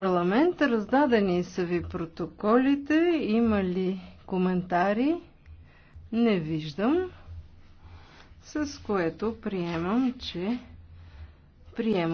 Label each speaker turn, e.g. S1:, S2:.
S1: парламент. Раздадени са ви протоколите. Има ли коментари? Не виждам. С което приемам,
S2: че приемам.